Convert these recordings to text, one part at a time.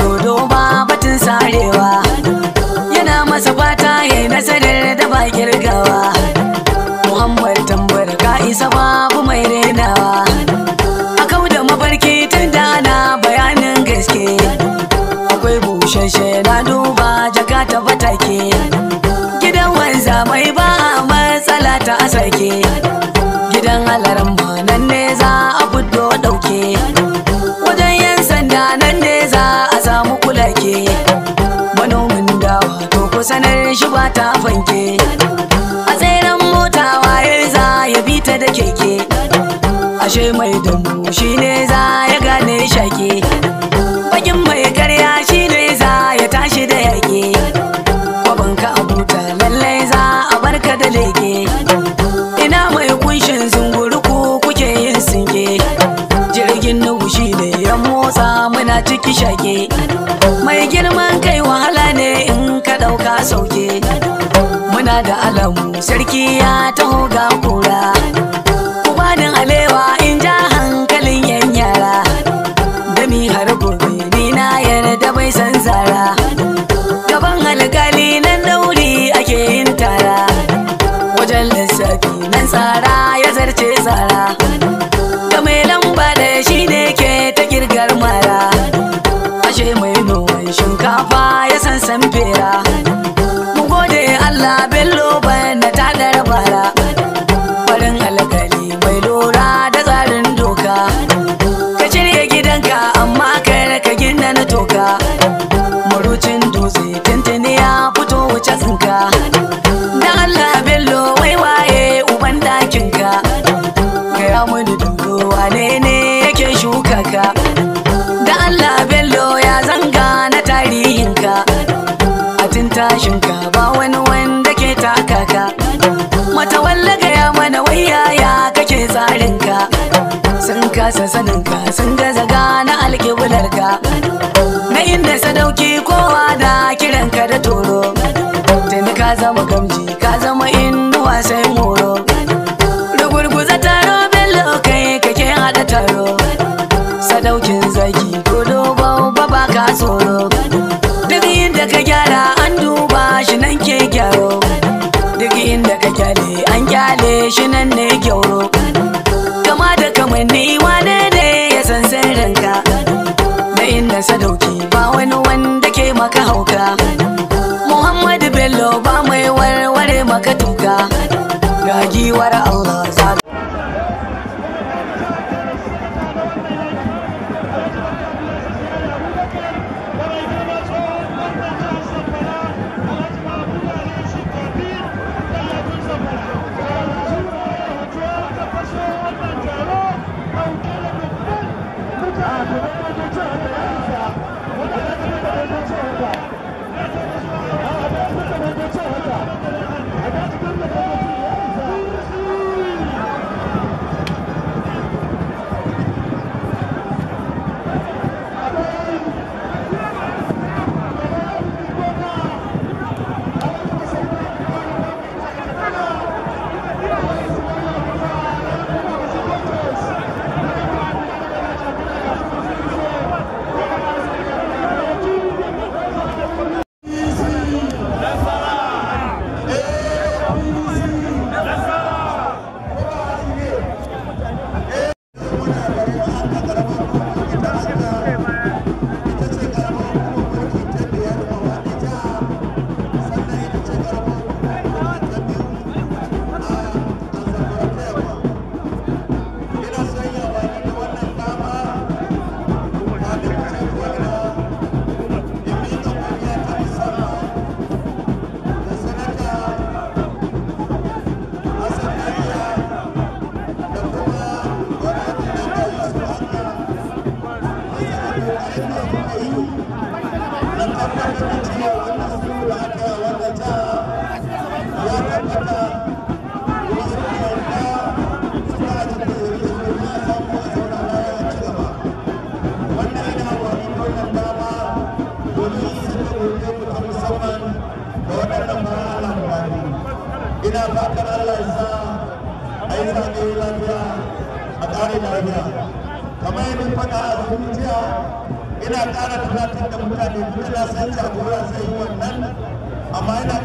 dodo ba batun sarewa yana masa fata ya nasarar da ba girgawa muhammad tambar ka isa babu mai renawa a kau da mabarki tun da bayanin gaske akwai bushashe na duba jaka ta fatake gidan wanza mai ba matsala ta asake shi ta fanke a tseren mota waye za ya bi ta da keke ashe mai dambu ne za ya gane shake bakin mai karya shine za ya tashi da yake kwabanka a buta lallai za a barka da leke ina mai kunshin zunguruku kuke yin sinke jirgin nuhu da ya motsa muna ciki shake da alamu sarki ya taho ga kura kubanin alewa in ja hankalin yan yara da mi har gobe ni na yarda bai san zara gaban alkali nan dauri ake yin tara wajen lissafi nan tsara ya zarce tsara ga mai lamba da shi ne ke ta girgar mara ashe mai noman shinkafa ya san san ya zama gamji ina ƙara tunatar da mutane duk na sanya jagora zai yi wannan amma ina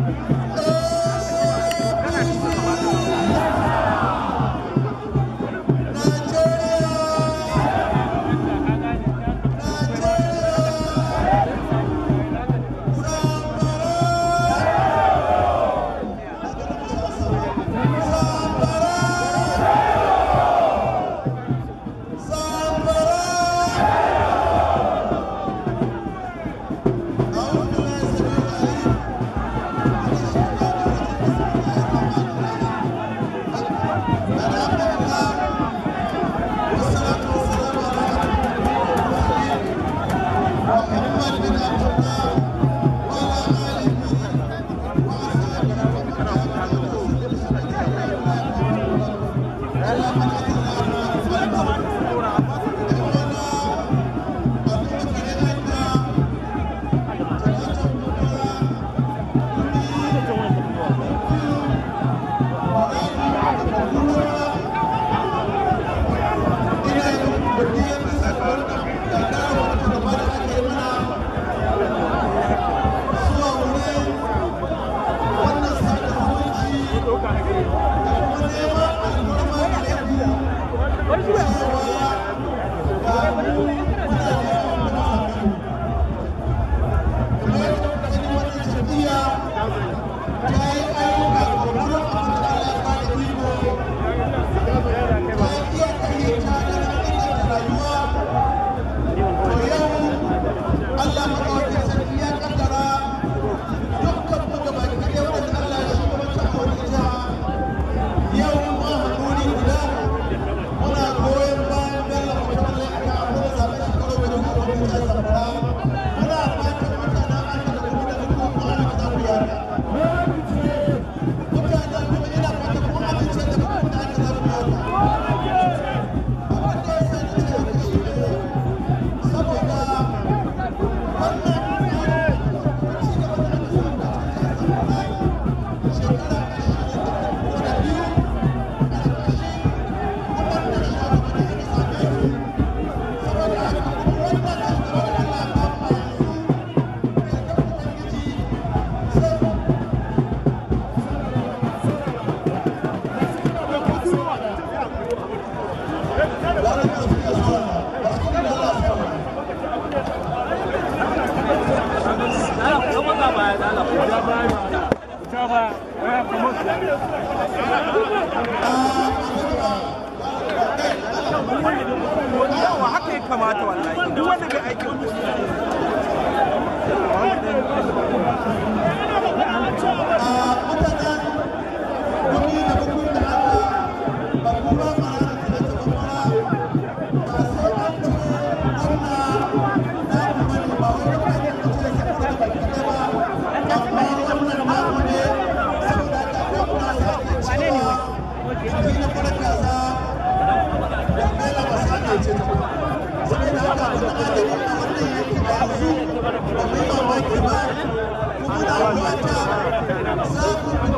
Thank you. Thank you. Kumudang Luanca Sabun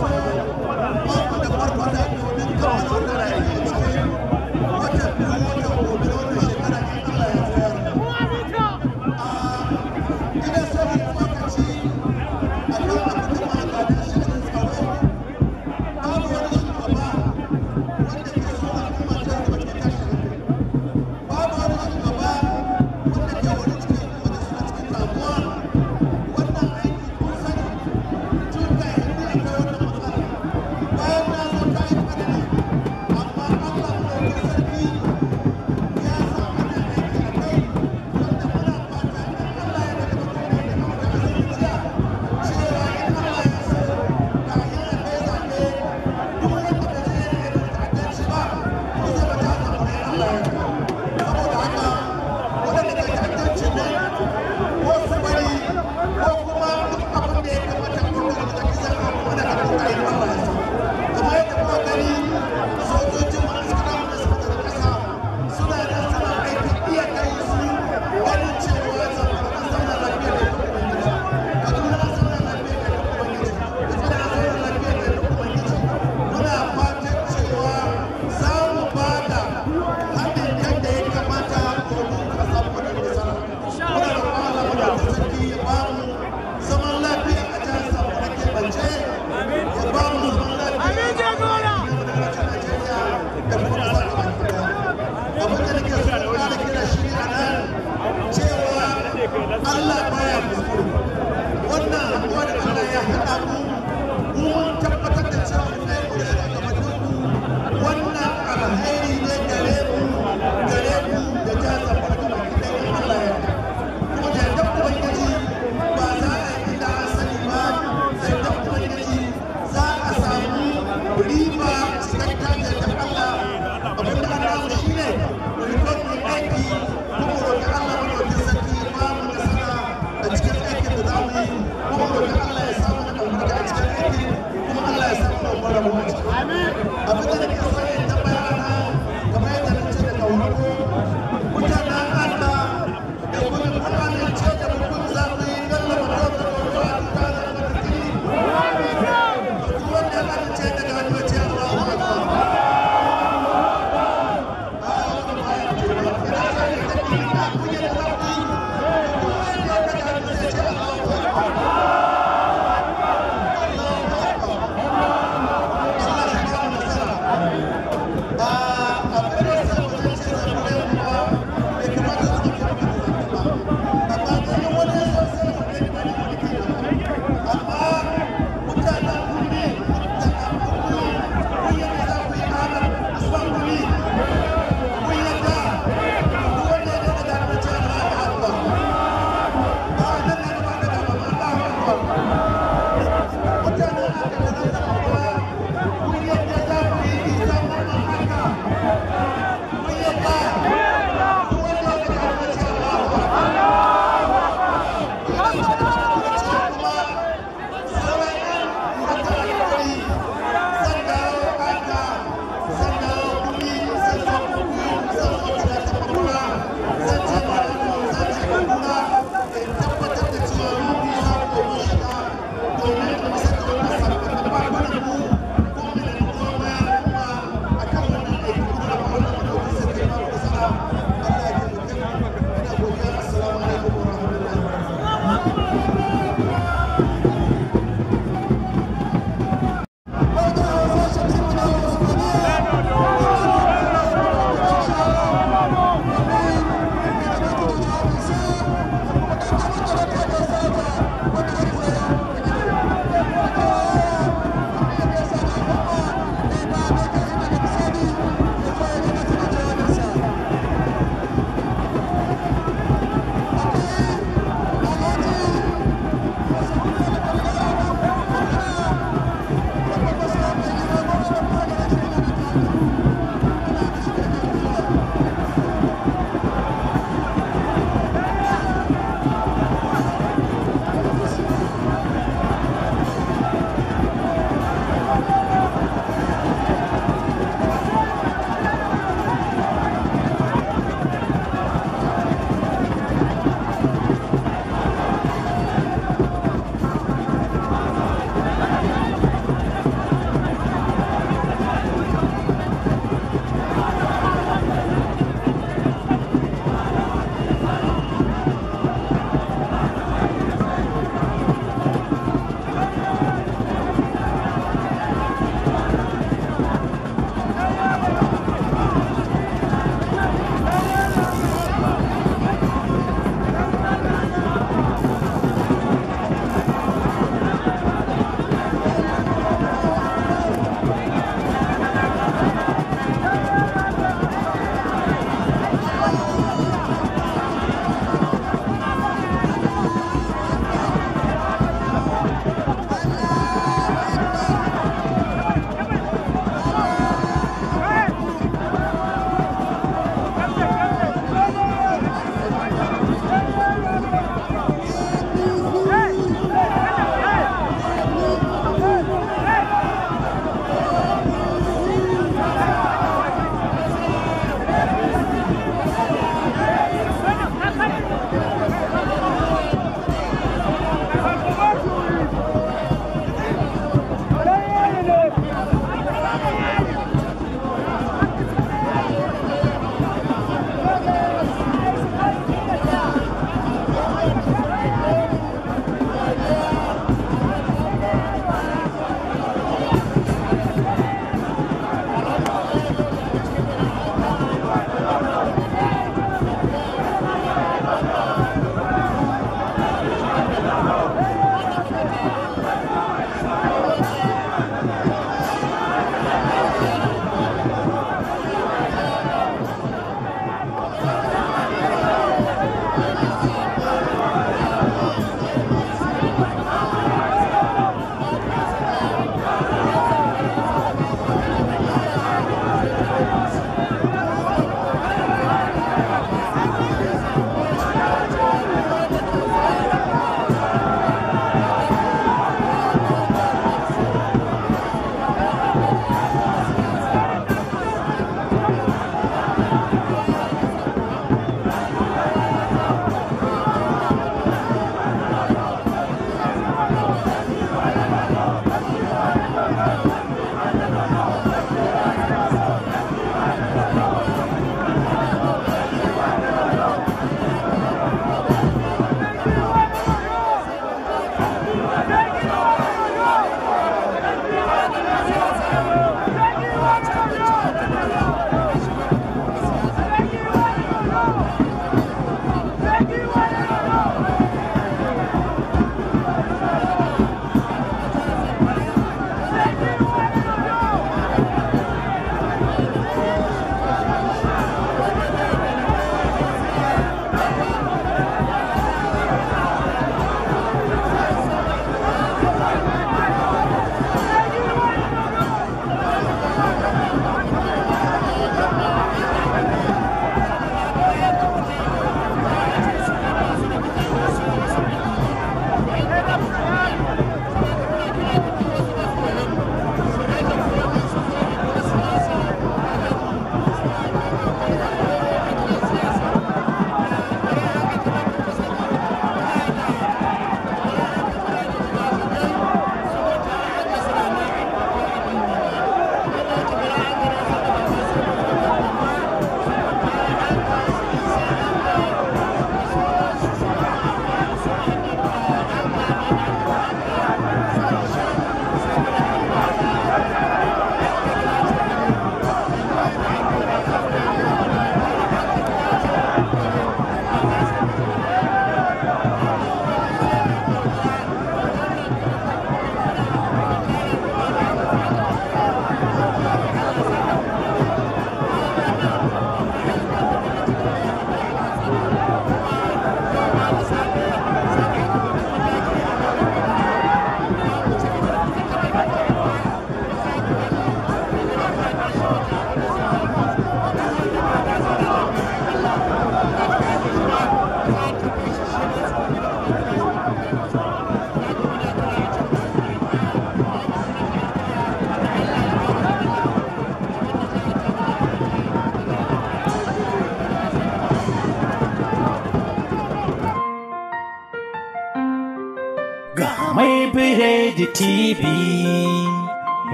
biredi TV,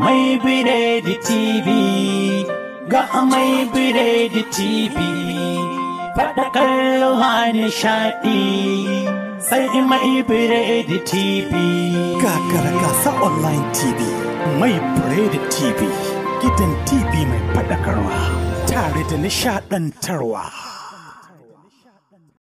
mai biredi TV, ga mai biredi TV, faɗakar hani nishaɗi. Sai mai biredi TV. Kakara gasa online TV, mai biredi TV, gidan TV mai faɗakarwa, tare da nishaɗantarwa.